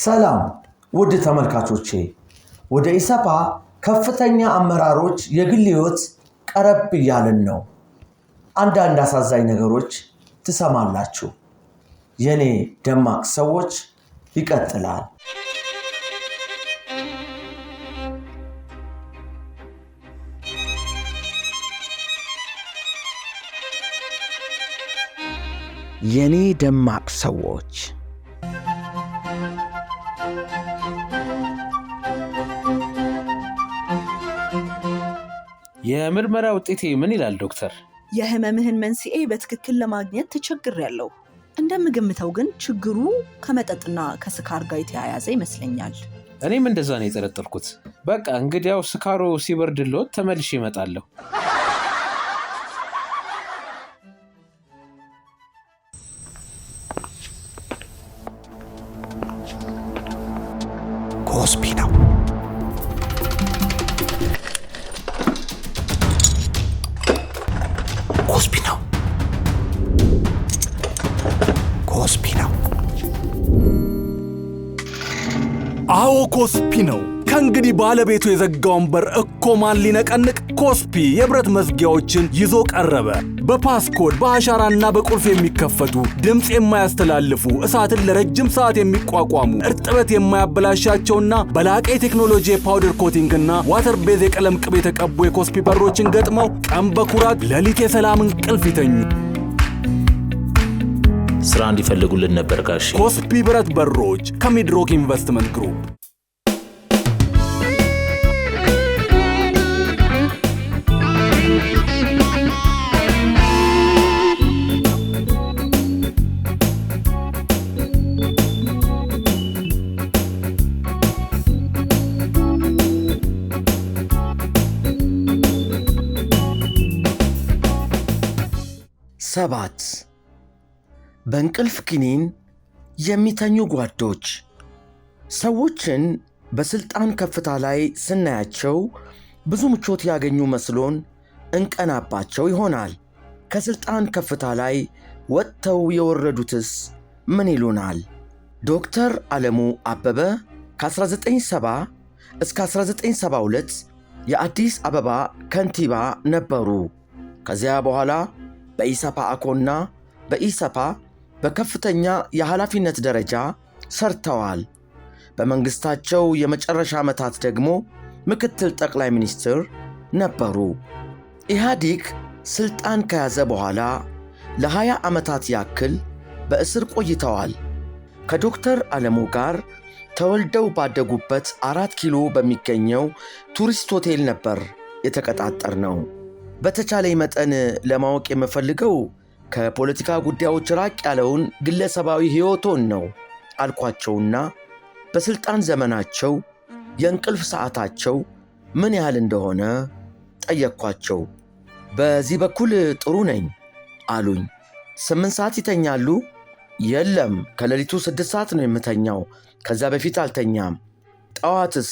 ሰላም ውድ ተመልካቾቼ፣ ወደ ኢሰፓ ከፍተኛ አመራሮች የግል ሕይወት ቀረብ እያልን ነው። አንዳንድ አሳዛኝ ነገሮች ትሰማላችሁ። የኔ ደማቅ ሰዎች ይቀጥላል። የኔ ደማቅ ሰዎች የምርመራ ውጤቴ ምን ይላል ዶክተር? የህመምህን መንስኤ በትክክል ለማግኘት ተቸግሬያለሁ። እንደምገምተው ግን ችግሩ ከመጠጥና ከስካር ጋር የተያያዘ ይመስለኛል። እኔም እንደዛ ነው የጠረጠርኩት። በቃ እንግዲያው ስካሮ ሲበርድልዎት ተመልሼ እመጣለሁ። ባለቤቱ የዘጋውን በር እኮ ማን ሊነቀንቅ ኮስፒ የብረት መዝጊያዎችን ይዞ ቀረበ። በፓስኮድ በአሻራና በቁልፍ የሚከፈቱ ድምፅ የማያስተላልፉ እሳትን ለረጅም ሰዓት የሚቋቋሙ እርጥበት የማያበላሻቸውና በላቀ የቴክኖሎጂ የፓውደር ኮቲንግና ዋተር ቤዝ የቀለም ቅብ የተቀቡ የኮስፒ በሮችን ገጥመው ቀን በኩራት ሌሊት የሰላም እንቅልፍ ይተኙ። ስራ እንዲፈልጉልን ነበር ጋሽ። ኮስፒ ብረት በሮች ከሚድሮክ ኢንቨስትመንት ግሩፕ ሰባት በእንቅልፍ ክኒን የሚተኙ ጓዶች። ሰዎችን በስልጣን ከፍታ ላይ ስናያቸው ብዙ ምቾት ያገኙ መስሎን እንቀናባቸው ይሆናል። ከስልጣን ከፍታ ላይ ወጥተው የወረዱትስ ምን ይሉናል? ዶክተር ዓለሙ አበበ ከ1970 እስከ 1972 የአዲስ አበባ ከንቲባ ነበሩ። ከዚያ በኋላ በኢሰፓ አኮና በኢሰፓ በከፍተኛ የኃላፊነት ደረጃ ሰርተዋል። በመንግሥታቸው የመጨረሻ ዓመታት ደግሞ ምክትል ጠቅላይ ሚኒስትር ነበሩ። ኢህአዲግ ሥልጣን ከያዘ በኋላ ለ20 ዓመታት ያክል በእስር ቆይተዋል። ከዶክተር ዓለሙ ጋር ተወልደው ባደጉበት አራት ኪሎ በሚገኘው ቱሪስት ሆቴል ነበር የተቀጣጠር ነው። በተቻለ መጠን ለማወቅ የምፈልገው ከፖለቲካ ጉዳዮች ራቅ ያለውን ግለሰባዊ ሕይወቶን ነው አልኳቸውና በሥልጣን ዘመናቸው የእንቅልፍ ሰዓታቸው ምን ያህል እንደሆነ ጠየቅኳቸው። በዚህ በኩል ጥሩ ነኝ አሉኝ። ስምንት ሰዓት ይተኛሉ? የለም፣ ከሌሊቱ ስድስት ሰዓት ነው የምተኛው። ከዛ በፊት አልተኛም። ጠዋትስ?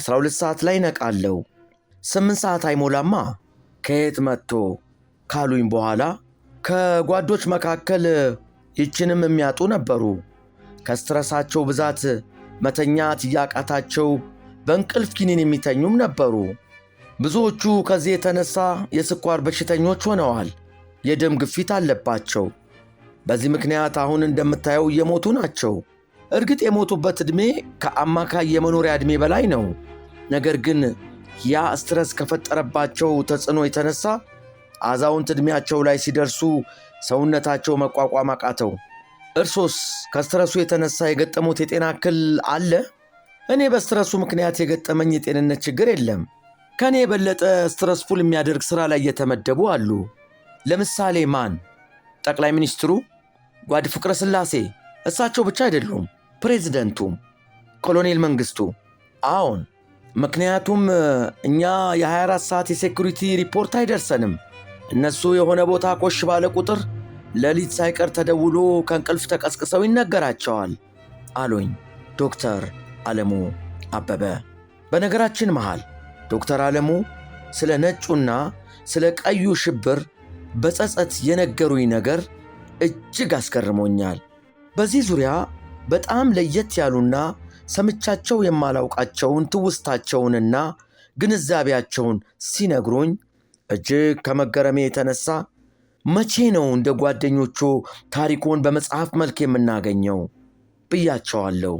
አስራ ሁለት ሰዓት ላይ ነቃለው። ስምንት ሰዓት አይሞላማ ከየት መጥቶ ካሉኝ በኋላ ከጓዶች መካከል ይችንም የሚያጡ ነበሩ። ከስትረሳቸው ብዛት መተኛት እያቃታቸው በእንቅልፍ ኪኒን የሚተኙም ነበሩ። ብዙዎቹ ከዚህ የተነሳ የስኳር በሽተኞች ሆነዋል። የደም ግፊት አለባቸው። በዚህ ምክንያት አሁን እንደምታየው እየሞቱ ናቸው። እርግጥ የሞቱበት ዕድሜ ከአማካይ የመኖሪያ ዕድሜ በላይ ነው። ነገር ግን ያ ስትረስ ከፈጠረባቸው ተጽዕኖ የተነሳ አዛውንት ዕድሜያቸው ላይ ሲደርሱ ሰውነታቸው መቋቋም አቃተው። እርሶስ ከስትረሱ የተነሳ የገጠሙት የጤና እክል አለ? እኔ በስትረሱ ምክንያት የገጠመኝ የጤንነት ችግር የለም። ከእኔ የበለጠ ስትረስፉል የሚያደርግ ሥራ ላይ የተመደቡ አሉ። ለምሳሌ ማን? ጠቅላይ ሚኒስትሩ ጓድ ፍቅረ ስላሴ እሳቸው ብቻ አይደሉም፣ ፕሬዚደንቱም፣ ኮሎኔል መንግሥቱ። አዎን ምክንያቱም እኛ የ24 ሰዓት የሴኩሪቲ ሪፖርት አይደርሰንም። እነሱ የሆነ ቦታ ኮሽ ባለ ቁጥር ሌሊት ሳይቀር ተደውሎ ከእንቅልፍ ተቀስቅሰው ይነገራቸዋል አሉኝ ዶክተር አለሙ አበበ። በነገራችን መሃል ዶክተር አለሙ ስለ ነጩና ስለ ቀዩ ሽብር በጸጸት የነገሩኝ ነገር እጅግ አስገርሞኛል። በዚህ ዙሪያ በጣም ለየት ያሉና ሰምቻቸው የማላውቃቸውን ትውስታቸውንና ግንዛቤያቸውን ሲነግሩኝ እጅግ ከመገረሜ የተነሳ መቼ ነው እንደ ጓደኞቹ ታሪኮን በመጽሐፍ መልክ የምናገኘው ብያቸዋለሁ።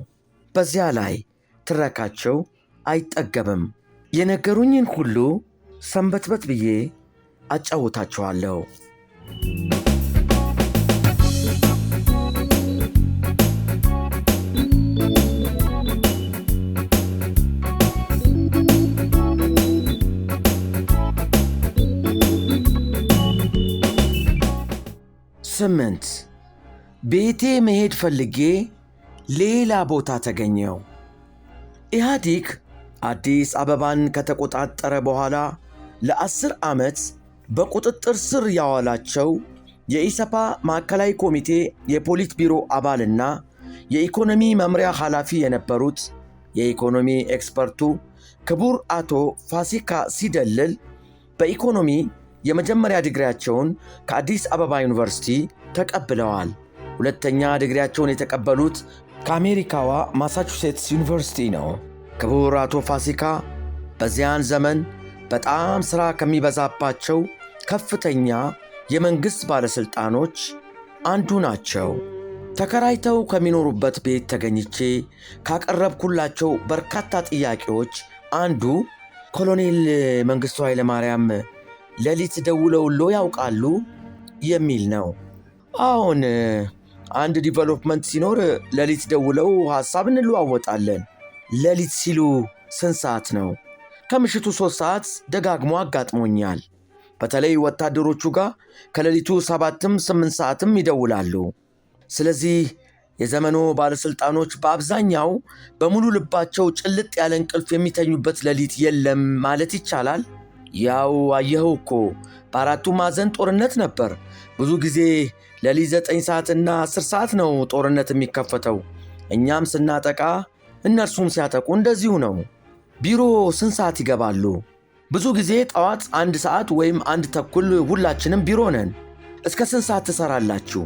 በዚያ ላይ ትረካቸው አይጠገብም። የነገሩኝን ሁሉ ሰንበትበት ብዬ አጫውታቸዋለሁ። ስምንት ቤቴ መሄድ ፈልጌ ሌላ ቦታ ተገኘው። ኢህአዲግ አዲስ አበባን ከተቆጣጠረ በኋላ ለአስር ዓመት በቁጥጥር ስር ያዋላቸው የኢሰፓ ማዕከላዊ ኮሚቴ የፖሊት ቢሮ አባልና የኢኮኖሚ መምሪያ ኃላፊ የነበሩት የኢኮኖሚ ኤክስፐርቱ ክቡር አቶ ፋሲካ ሲደልል በኢኮኖሚ የመጀመሪያ ዲግሪያቸውን ከአዲስ አበባ ዩኒቨርሲቲ ተቀብለዋል። ሁለተኛ ዲግሪያቸውን የተቀበሉት ከአሜሪካዋ ማሳቹሴትስ ዩኒቨርሲቲ ነው። ክቡር አቶ ፋሲካ በዚያን ዘመን በጣም ሥራ ከሚበዛባቸው ከፍተኛ የመንግሥት ባለሥልጣኖች አንዱ ናቸው። ተከራይተው ከሚኖሩበት ቤት ተገኝቼ ካቀረብኩላቸው በርካታ ጥያቄዎች አንዱ ኮሎኔል መንግሥቱ ኃይለማርያም ሌሊት ደውለውሎ ያውቃሉ የሚል ነው። አሁን አንድ ዲቨሎፕመንት ሲኖር ሌሊት ደውለው ሐሳብ እንለዋወጣለን። ሌሊት ሲሉ ስንት ሰዓት ነው? ከምሽቱ ሦስት ሰዓት ደጋግሞ አጋጥሞኛል። በተለይ ወታደሮቹ ጋር ከሌሊቱ ሰባትም ስምንት ሰዓትም ይደውላሉ። ስለዚህ የዘመኑ ባለሥልጣኖች በአብዛኛው በሙሉ ልባቸው ጭልጥ ያለ እንቅልፍ የሚተኙበት ሌሊት የለም ማለት ይቻላል። ያው አየኸው እኮ በአራቱ ማዕዘን ጦርነት ነበር። ብዙ ጊዜ ለሊት ዘጠኝ ሰዓትና አስር ሰዓት ነው ጦርነት የሚከፈተው። እኛም ስናጠቃ እነርሱም ሲያጠቁ እንደዚሁ ነው። ቢሮ ስንት ሰዓት ይገባሉ? ብዙ ጊዜ ጠዋት አንድ ሰዓት ወይም አንድ ተኩል ሁላችንም ቢሮ ነን። እስከ ስንት ሰዓት ትሰራላችሁ?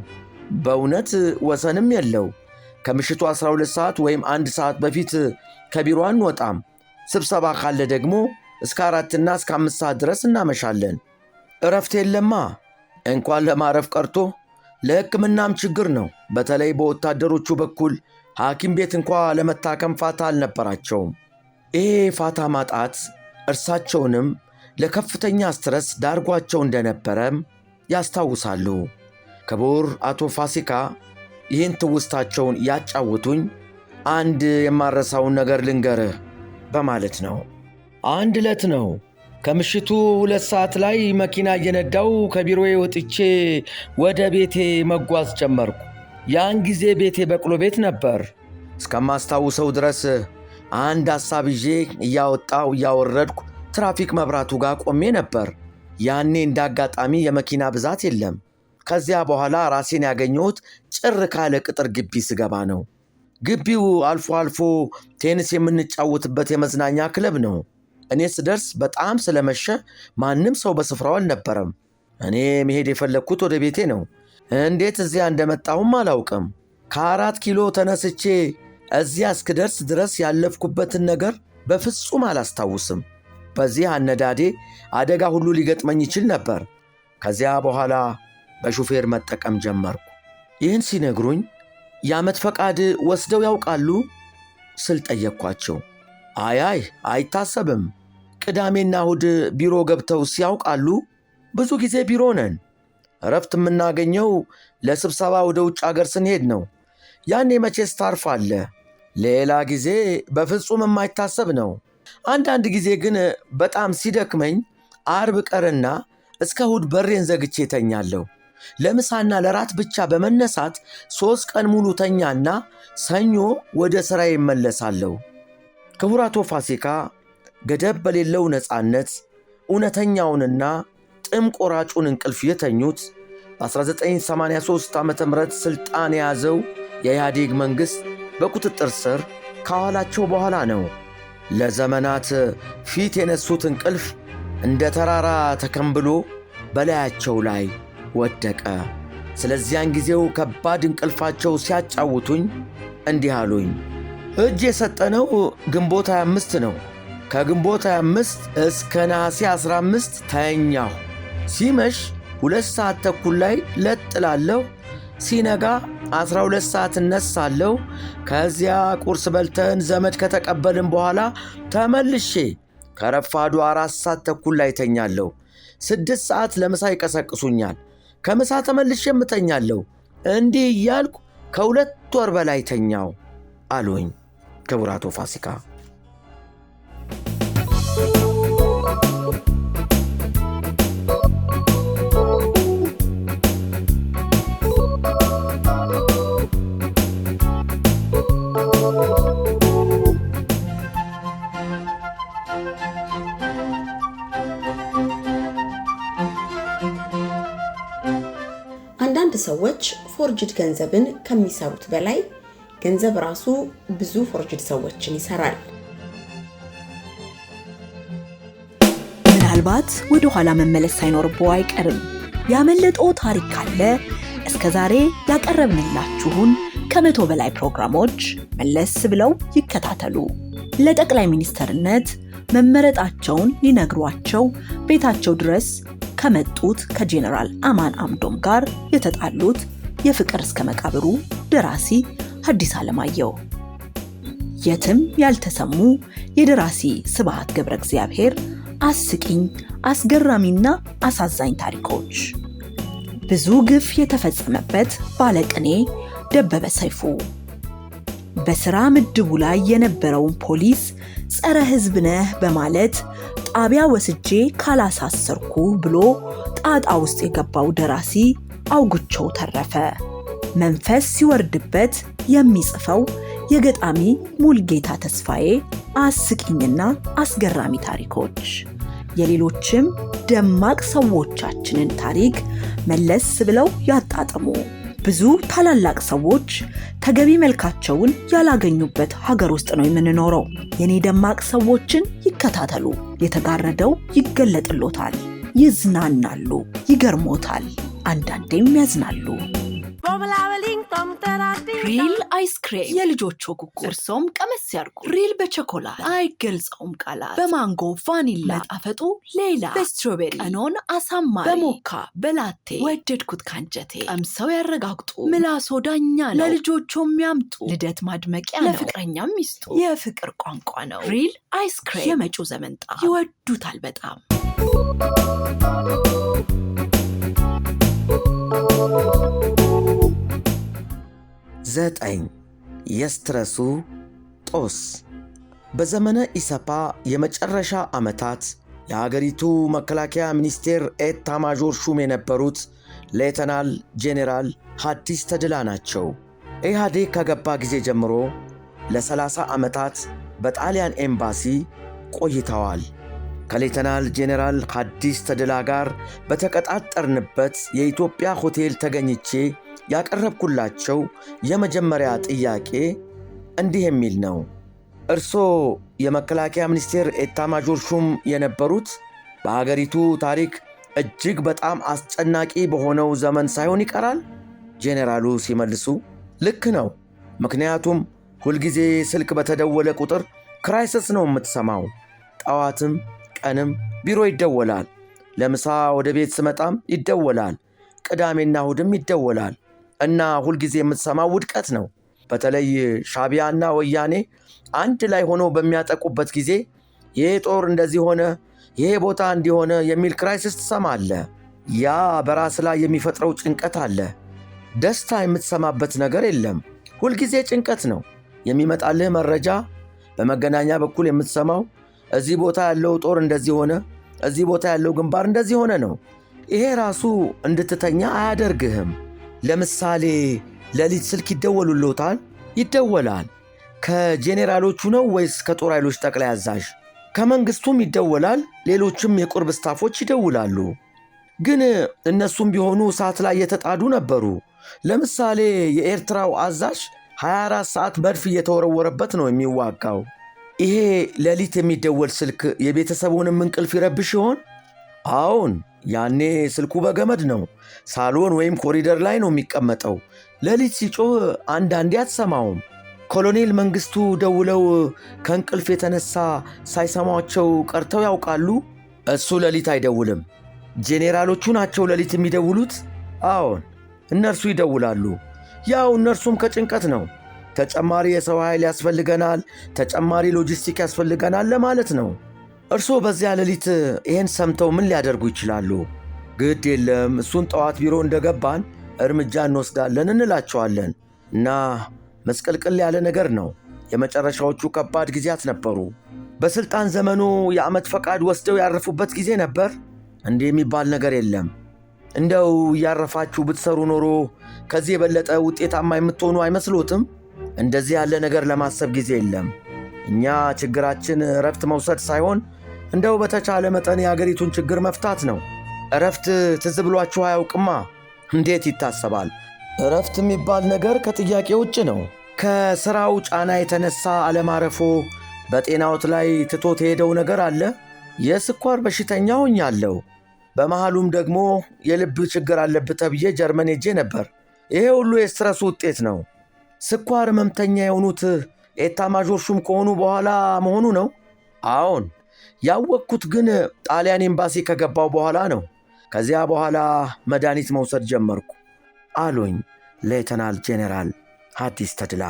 በእውነት ወሰንም የለው። ከምሽቱ 12 ሰዓት ወይም አንድ ሰዓት በፊት ከቢሮ አንወጣም። ስብሰባ ካለ ደግሞ እስከ አራትና እስከ አምስት ሰዓት ድረስ እናመሻለን። እረፍት የለማ። እንኳን ለማረፍ ቀርቶ ለሕክምናም ችግር ነው። በተለይ በወታደሮቹ በኩል ሐኪም ቤት እንኳ ለመታከም ፋታ አልነበራቸውም። ይሄ ፋታ ማጣት እርሳቸውንም ለከፍተኛ ስትረስ ዳርጓቸው እንደነበረም ያስታውሳሉ። ክቡር አቶ ፋሲካ ይህን ትውስታቸውን ያጫውቱኝ። አንድ የማረሳውን ነገር ልንገርህ በማለት ነው አንድ ዕለት ነው ከምሽቱ ሁለት ሰዓት ላይ መኪና እየነዳው ከቢሮዬ ወጥቼ ወደ ቤቴ መጓዝ ጀመርኩ። ያን ጊዜ ቤቴ በቅሎ ቤት ነበር። እስከማስታውሰው ድረስ አንድ ሐሳብ ይዤ እያወጣው እያወረድኩ ትራፊክ መብራቱ ጋር ቆሜ ነበር። ያኔ እንደ አጋጣሚ የመኪና ብዛት የለም። ከዚያ በኋላ ራሴን ያገኘሁት ጭር ካለ ቅጥር ግቢ ስገባ ነው። ግቢው አልፎ አልፎ ቴኒስ የምንጫወትበት የመዝናኛ ክለብ ነው። እኔ ስደርስ በጣም ስለመሸ ማንም ሰው በስፍራው አልነበረም። እኔ መሄድ የፈለግኩት ወደ ቤቴ ነው። እንዴት እዚያ እንደመጣሁም አላውቅም። ከአራት ኪሎ ተነስቼ እዚያ እስክደርስ ድረስ ያለፍኩበትን ነገር በፍጹም አላስታውስም። በዚህ አነዳዴ አደጋ ሁሉ ሊገጥመኝ ይችል ነበር። ከዚያ በኋላ በሹፌር መጠቀም ጀመርኩ። ይህን ሲነግሩኝ የዓመት ፈቃድ ወስደው ያውቃሉ ስል ጠየቅኳቸው። አያይ አይታሰብም። ቅዳሜና እሁድ ቢሮ ገብተው ሲያውቃሉ? ብዙ ጊዜ ቢሮ ነን። እረፍት የምናገኘው ለስብሰባ ወደ ውጭ አገር ስንሄድ ነው። ያኔ መቼስ ታርፍ አለ። ሌላ ጊዜ በፍጹም የማይታሰብ ነው። አንዳንድ ጊዜ ግን በጣም ሲደክመኝ አርብ ቀርና እስከ እሁድ በሬን ዘግቼ ተኛለሁ። ለምሳና ለራት ብቻ በመነሳት ሦስት ቀን ሙሉ ተኛና ሰኞ ወደ ሥራ ይመለሳለሁ። ክቡራቶ ፋሲካ ገደብ በሌለው ነፃነት እውነተኛውንና ጥም ቆራጩን እንቅልፍ የተኙት በ1983 ዓ ም ሥልጣን የያዘው የኢህአዴግ መንግሥት በቁጥጥር ስር ከኋላቸው በኋላ ነው። ለዘመናት ፊት የነሱት እንቅልፍ እንደ ተራራ ተከምብሎ በላያቸው ላይ ወደቀ። ስለዚያን ጊዜው ከባድ እንቅልፋቸው ሲያጫውቱኝ እንዲህ አሉኝ። እጅ የሰጠነው ግንቦት 25 ነው። ከግንቦት 25 እስከ ነሐሴ 15 ተኛሁ። ሲመሽ ሁለት ሰዓት ተኩል ላይ ለጥላለሁ። ሲነጋ 12 ሰዓት እነሳለሁ። ከዚያ ቁርስ በልተን ዘመድ ከተቀበልን በኋላ ተመልሼ ከረፋዱ አራት ሰዓት ተኩል ላይ ተኛለሁ። ስድስት ሰዓት ለምሳ ይቀሰቅሱኛል። ከምሳ ተመልሼ የምተኛለሁ። እንዲህ እያልኩ ከሁለት ወር በላይ ተኛው አሉኝ። ክቡር አቶ ፋሲካ አንዳንድ ሰዎች ፎርጅድ ገንዘብን ከሚሰሩት በላይ ገንዘብ ራሱ ብዙ ፎርጅድ ሰዎችን ይሰራል። ምናልባት ወደ ኋላ መመለስ ሳይኖርብዎ አይቀርም። ያመለጠው ታሪክ ካለ እስከ ዛሬ ያቀረብንላችሁን ከመቶ በላይ ፕሮግራሞች መለስ ብለው ይከታተሉ። ለጠቅላይ ሚኒስትርነት መመረጣቸውን ሊነግሯቸው ቤታቸው ድረስ ከመጡት ከጄኔራል አማን አምዶም ጋር የተጣሉት የፍቅር እስከ መቃብሩ ደራሲ ሐዲስ ዓለማየሁ። የትም ያልተሰሙ የደራሲ ስብሐት ገብረ እግዚአብሔር አስቂኝ አስገራሚና አሳዛኝ ታሪኮች ብዙ ግፍ የተፈጸመበት ባለቅኔ ደበበ ሰይፉ በሥራ ምድቡ ላይ የነበረውን ፖሊስ ጸረ ሕዝብ ነህ በማለት ጣቢያ ወስጄ ካላሳሰርኩ ብሎ ጣጣ ውስጥ የገባው ደራሲ አውግቸው ተረፈ መንፈስ ሲወርድበት የሚጽፈው የገጣሚ ሙልጌታ ተስፋዬ አስቂኝና አስገራሚ ታሪኮች የሌሎችም ደማቅ ሰዎቻችንን ታሪክ መለስ ብለው ያጣጥሙ። ብዙ ታላላቅ ሰዎች ተገቢ መልካቸውን ያላገኙበት ሀገር ውስጥ ነው የምንኖረው። የኔ ደማቅ ሰዎችን ይከታተሉ። የተጋረደው ይገለጥሎታል፣ ይዝናናሉ፣ ይገርሞታል፣ አንዳንዴም ያዝናሉ። ሪል አይስክሬም የልጆቹ ኩኩ እርሶም ቀመስ ያርጉ። ሪል በቸኮላት አይገልጸውም ቃላት፣ በማንጎ ቫኒላ ጣፈጡ ሌላ፣ በስትሮቤሪ ቀኖን አሳማሪ፣ በሞካ በላቴ ወደድኩት ካንጀቴ። ቀምሰው ያረጋግጡ፣ ምላሶ ዳኛ ነው። ለልጆቹ የሚያምጡ ልደት ማድመቂያ ነው፣ ለፍቅረኛም ሚስጡ የፍቅር ቋንቋ ነው። ሪል አይስክሬም የመጪው ዘመን ጣ ይወዱታል በጣም። ዘጠኝ የስትረሱ ጦስ በዘመነ ኢሰፓ የመጨረሻ ዓመታት የአገሪቱ መከላከያ ሚኒስቴር ኤታ ማዦር ሹም የነበሩት ሌተናል ጄኔራል ሐዲስ ተድላ ናቸው። ኢህአዴግ ከገባ ጊዜ ጀምሮ ለ30 ዓመታት በጣሊያን ኤምባሲ ቆይተዋል። ከሌተናል ጄኔራል ሐዲስ ተድላ ጋር በተቀጣጠርንበት የኢትዮጵያ ሆቴል ተገኝቼ ያቀረብኩላቸው የመጀመሪያ ጥያቄ እንዲህ የሚል ነው። እርሶ የመከላከያ ሚኒስቴር ኤታማዦር ሹም የነበሩት በሀገሪቱ ታሪክ እጅግ በጣም አስጨናቂ በሆነው ዘመን ሳይሆን ይቀራል? ጄኔራሉ ሲመልሱ ልክ ነው። ምክንያቱም ሁልጊዜ ስልክ በተደወለ ቁጥር ክራይስስ ነው የምትሰማው። ጠዋትም ቀንም ቢሮ ይደወላል። ለምሳ ወደ ቤት ስመጣም ይደወላል። ቅዳሜና እሁድም ይደወላል። እና ሁልጊዜ የምትሰማው ውድቀት ነው። በተለይ ሻቢያና ወያኔ አንድ ላይ ሆኖ በሚያጠቁበት ጊዜ ይሄ ጦር እንደዚህ ሆነ፣ ይሄ ቦታ እንዲሆነ የሚል ክራይሲስ ትሰማለ። ያ በራስ ላይ የሚፈጥረው ጭንቀት አለ። ደስታ የምትሰማበት ነገር የለም። ሁልጊዜ ጭንቀት ነው የሚመጣልህ መረጃ። በመገናኛ በኩል የምትሰማው እዚህ ቦታ ያለው ጦር እንደዚህ ሆነ፣ እዚህ ቦታ ያለው ግንባር እንደዚህ ሆነ ነው። ይሄ ራሱ እንድትተኛ አያደርግህም። ለምሳሌ ለሊት ስልክ ይደወሉልዎታል? ይደወላል። ከጄኔራሎቹ ነው ወይስ ከጦር ኃይሎች ጠቅላይ አዛዥ? ከመንግስቱም ይደወላል። ሌሎችም የቁርብ ስታፎች ይደውላሉ። ግን እነሱም ቢሆኑ እሳት ላይ የተጣዱ ነበሩ። ለምሳሌ የኤርትራው አዛዥ 24 ሰዓት መድፍ እየተወረወረበት ነው የሚዋጋው። ይሄ ሌሊት የሚደወል ስልክ የቤተሰቡንም እንቅልፍ ይረብሽ ይሆን? አዎን። ያኔ ስልኩ በገመድ ነው። ሳሎን ወይም ኮሪደር ላይ ነው የሚቀመጠው። ሌሊት ሲጮህ አንዳንዴ አትሰማውም። ኮሎኔል መንግስቱ ደውለው ከእንቅልፍ የተነሳ ሳይሰማቸው ቀርተው ያውቃሉ? እሱ ሌሊት አይደውልም። ጄኔራሎቹ ናቸው ሌሊት የሚደውሉት። አዎን፣ እነርሱ ይደውላሉ። ያው እነርሱም ከጭንቀት ነው። ተጨማሪ የሰው ኃይል ያስፈልገናል፣ ተጨማሪ ሎጂስቲክ ያስፈልገናል ለማለት ነው። እርስዎ በዚያ ሌሊት ይህን ሰምተው ምን ሊያደርጉ ይችላሉ? ግድ የለም እሱን ጠዋት ቢሮ እንደገባን እርምጃ እንወስዳለን እንላቸዋለን። እና መስቀልቅል ያለ ነገር ነው። የመጨረሻዎቹ ከባድ ጊዜያት ነበሩ። በሥልጣን ዘመኑ የዓመት ፈቃድ ወስደው ያረፉበት ጊዜ ነበር። እንዲህ የሚባል ነገር የለም። እንደው እያረፋችሁ ብትሰሩ ኖሮ ከዚህ የበለጠ ውጤታማ የምትሆኑ አይመስሎትም? እንደዚህ ያለ ነገር ለማሰብ ጊዜ የለም። እኛ ችግራችን እረፍት መውሰድ ሳይሆን እንደው በተቻለ መጠን የአገሪቱን ችግር መፍታት ነው። እረፍት ትዝ ብሏችሁ አያውቅማ። እንዴት ይታሰባል? እረፍት የሚባል ነገር ከጥያቄ ውጭ ነው። ከሥራው ጫና የተነሳ አለማረፎ በጤናዎት ላይ ትቶት የሄደው ነገር አለ። የስኳር በሽተኛ ሆኛለሁ። በመሃሉም ደግሞ የልብ ችግር አለብህ ተብዬ ጀርመን ሄጄ ነበር። ይሄ ሁሉ የስትረሱ ውጤት ነው። ስኳር መምተኛ የሆኑት ኤታ ሹም ከሆኑ በኋላ መሆኑ ነው። አዎን ያወቅኩት ግን ጣሊያን ኤምባሲ ከገባው በኋላ ነው። ከዚያ በኋላ መድኃኒት መውሰድ ጀመርኩ አሉኝ ሌተናል ጄኔራል ሐዲስ ተድላ።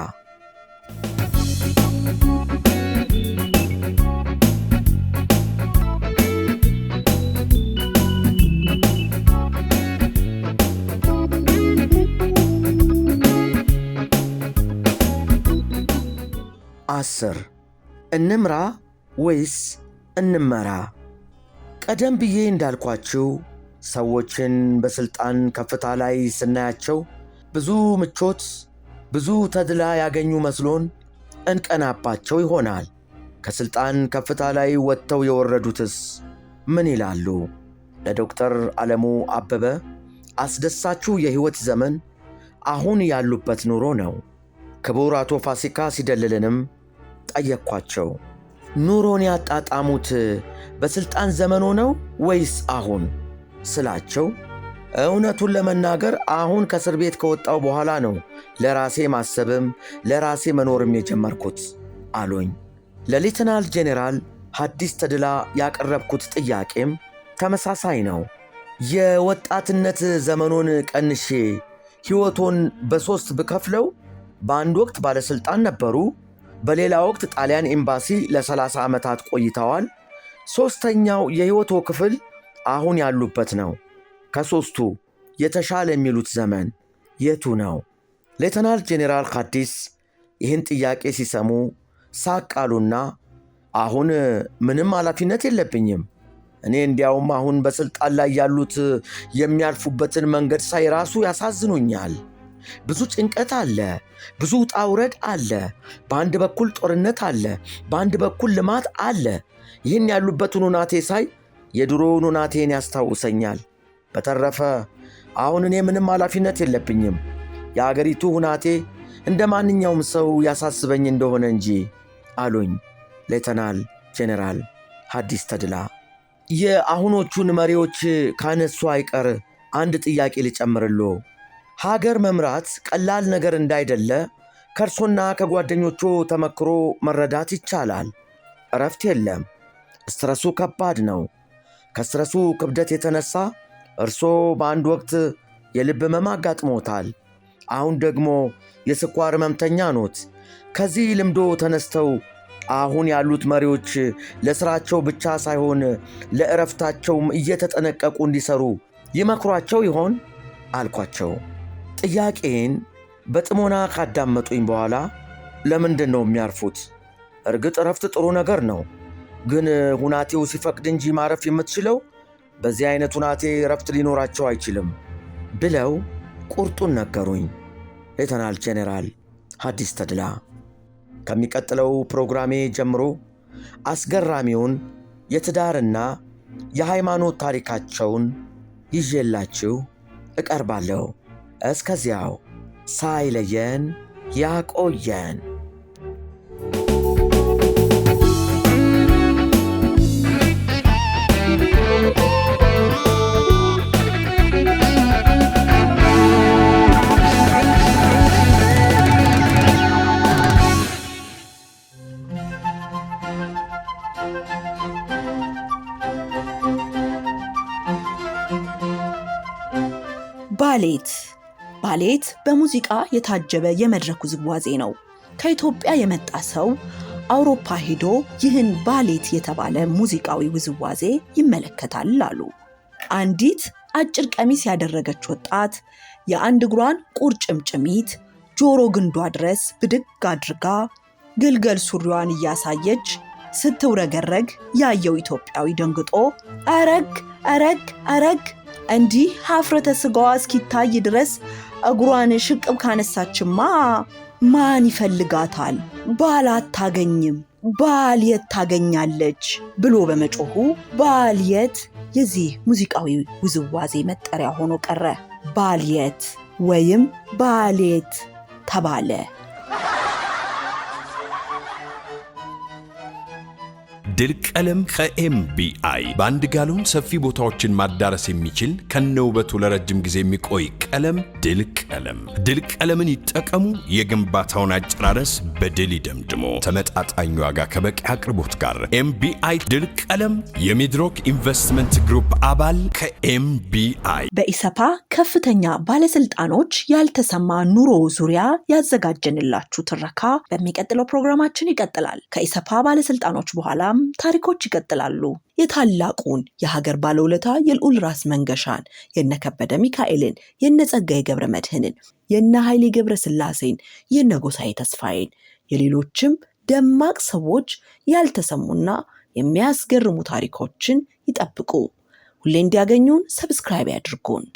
አስር እንምራ ወይስ እንመራ። ቀደም ብዬ እንዳልኳችሁ ሰዎችን በሥልጣን ከፍታ ላይ ስናያቸው ብዙ ምቾት፣ ብዙ ተድላ ያገኙ መስሎን እንቀናባቸው ይሆናል። ከሥልጣን ከፍታ ላይ ወጥተው የወረዱትስ ምን ይላሉ? ለዶክተር ዓለሙ አበበ አስደሳችሁ የሕይወት ዘመን አሁን ያሉበት ኑሮ ነው። ክቡር አቶ ፋሲካ ሲደልልንም ጠየቅኳቸው። ኑሮን ያጣጣሙት በሥልጣን ዘመኖ ነው ወይስ አሁን ስላቸው፣ እውነቱን ለመናገር አሁን ከእስር ቤት ከወጣው በኋላ ነው ለራሴ ማሰብም ለራሴ መኖርም የጀመርኩት አሉኝ። ለሌተናል ጄኔራል ሐዲስ ተድላ ያቀረብኩት ጥያቄም ተመሳሳይ ነው። የወጣትነት ዘመኖን ቀንሼ ሕይወቶን በሦስት ብከፍለው በአንድ ወቅት ባለሥልጣን ነበሩ በሌላ ወቅት ጣሊያን ኤምባሲ ለ30 ዓመታት ቆይተዋል። ሦስተኛው የሕይወቶ ክፍል አሁን ያሉበት ነው። ከሦስቱ የተሻለ የሚሉት ዘመን የቱ ነው? ሌተናል ጄኔራል ካዲስ ይህን ጥያቄ ሲሰሙ ሳቅ አሉና አሁን ምንም ኃላፊነት የለብኝም እኔ እንዲያውም አሁን በሥልጣን ላይ ያሉት የሚያልፉበትን መንገድ ሳይ ራሱ ያሳዝኑኛል ብዙ ጭንቀት አለ፣ ብዙ ውጣ ውረድ አለ። በአንድ በኩል ጦርነት አለ፣ በአንድ በኩል ልማት አለ። ይህን ያሉበትን ሁናቴ ሳይ የድሮውን ሁናቴን ያስታውሰኛል። በተረፈ አሁን እኔ ምንም ኃላፊነት የለብኝም። የአገሪቱ ሁናቴ እንደ ማንኛውም ሰው ያሳስበኝ እንደሆነ እንጂ አሉኝ ሌተናል ጄኔራል ሐዲስ ተድላ። የአሁኖቹን መሪዎች ካነሱ አይቀር አንድ ጥያቄ ልጨምርሎ ሀገር መምራት ቀላል ነገር እንዳይደለ ከእርሶና ከጓደኞቹ ተመክሮ መረዳት ይቻላል። እረፍት የለም። እስትረሱ ከባድ ነው። ከስትረሱ ክብደት የተነሳ እርሶ በአንድ ወቅት የልብ ህመም አጋጥሞታል። አሁን ደግሞ የስኳር ህመምተኛ ኖት። ከዚህ ልምዶ ተነስተው አሁን ያሉት መሪዎች ለሥራቸው ብቻ ሳይሆን ለእረፍታቸውም እየተጠነቀቁ እንዲሰሩ ይመክሯቸው ይሆን? አልኳቸው። ጥያቄን በጥሞና ካዳመጡኝ በኋላ ለምንድን ነው የሚያርፉት? እርግጥ እረፍት ጥሩ ነገር ነው፣ ግን ሁናቴው ሲፈቅድ እንጂ ማረፍ የምትችለው በዚህ አይነት ሁናቴ እረፍት ሊኖራቸው አይችልም ብለው ቁርጡን ነገሩኝ። ሌተናል ጄኔራል ሐዲስ ተድላ ከሚቀጥለው ፕሮግራሜ ጀምሮ አስገራሚውን የትዳርና የሃይማኖት ታሪካቸውን ይዤላችሁ እቀርባለሁ። እስከዚያው ሳይለየን ያቆየን። ባሌት ባሌት በሙዚቃ የታጀበ የመድረክ ውዝዋዜ ነው። ከኢትዮጵያ የመጣ ሰው አውሮፓ ሄዶ ይህን ባሌት የተባለ ሙዚቃዊ ውዝዋዜ ይመለከታል አሉ። አንዲት አጭር ቀሚስ ያደረገች ወጣት የአንድ እግሯን ቁርጭምጭሚት ጆሮ ግንዷ ድረስ ብድግ አድርጋ ግልገል ሱሪዋን እያሳየች ስትውረገረግ ያየው ኢትዮጵያዊ ደንግጦ አረግ አረግ አረግ እንዲህ ሀፍረተ ስጋዋ እስኪታይ ድረስ እግሯን ሽቅብ ካነሳችማ ማን ይፈልጋታል? ባል አታገኝም፣ ባል የት ታገኛለች ብሎ በመጮሁ ባል የት የዚህ ሙዚቃዊ ውዝዋዜ መጠሪያ ሆኖ ቀረ። ባልየት ወይም ባሌት ተባለ። ድል ቀለም ከኤምቢአይ በአንድ ጋሎን ሰፊ ቦታዎችን ማዳረስ የሚችል ከነውበቱ ለረጅም ጊዜ የሚቆይ ቀለም ድል ቀለም። ድል ቀለምን ይጠቀሙ። የግንባታውን አጨራረስ በድል ይደምድሞ። ተመጣጣኝ ዋጋ ከበቂ አቅርቦት ጋር ኤምቢአይ ድል ቀለም የሚድሮክ ኢንቨስትመንት ግሩፕ አባል ከኤምቢአይ በኢሰፓ ከፍተኛ ባለስልጣኖች ያልተሰማ ኑሮ ዙሪያ ያዘጋጀንላችሁ ትረካ በሚቀጥለው ፕሮግራማችን ይቀጥላል። ከኢሰፓ ባለስልጣኖች በኋላም ታሪኮች ይቀጥላሉ። የታላቁን የሀገር ባለውለታ የልዑል ራስ መንገሻን፣ የነከበደ ሚካኤልን፣ የነጸጋዬ ገብረ መድህንን፣ የነ ኃይሌ ገብረ ስላሴን፣ የነ ጎሳዬ ተስፋዬን፣ የሌሎችም ደማቅ ሰዎች ያልተሰሙና የሚያስገርሙ ታሪኮችን ይጠብቁ። ሁሌ እንዲያገኙን ሰብስክራይብ ያድርጉን።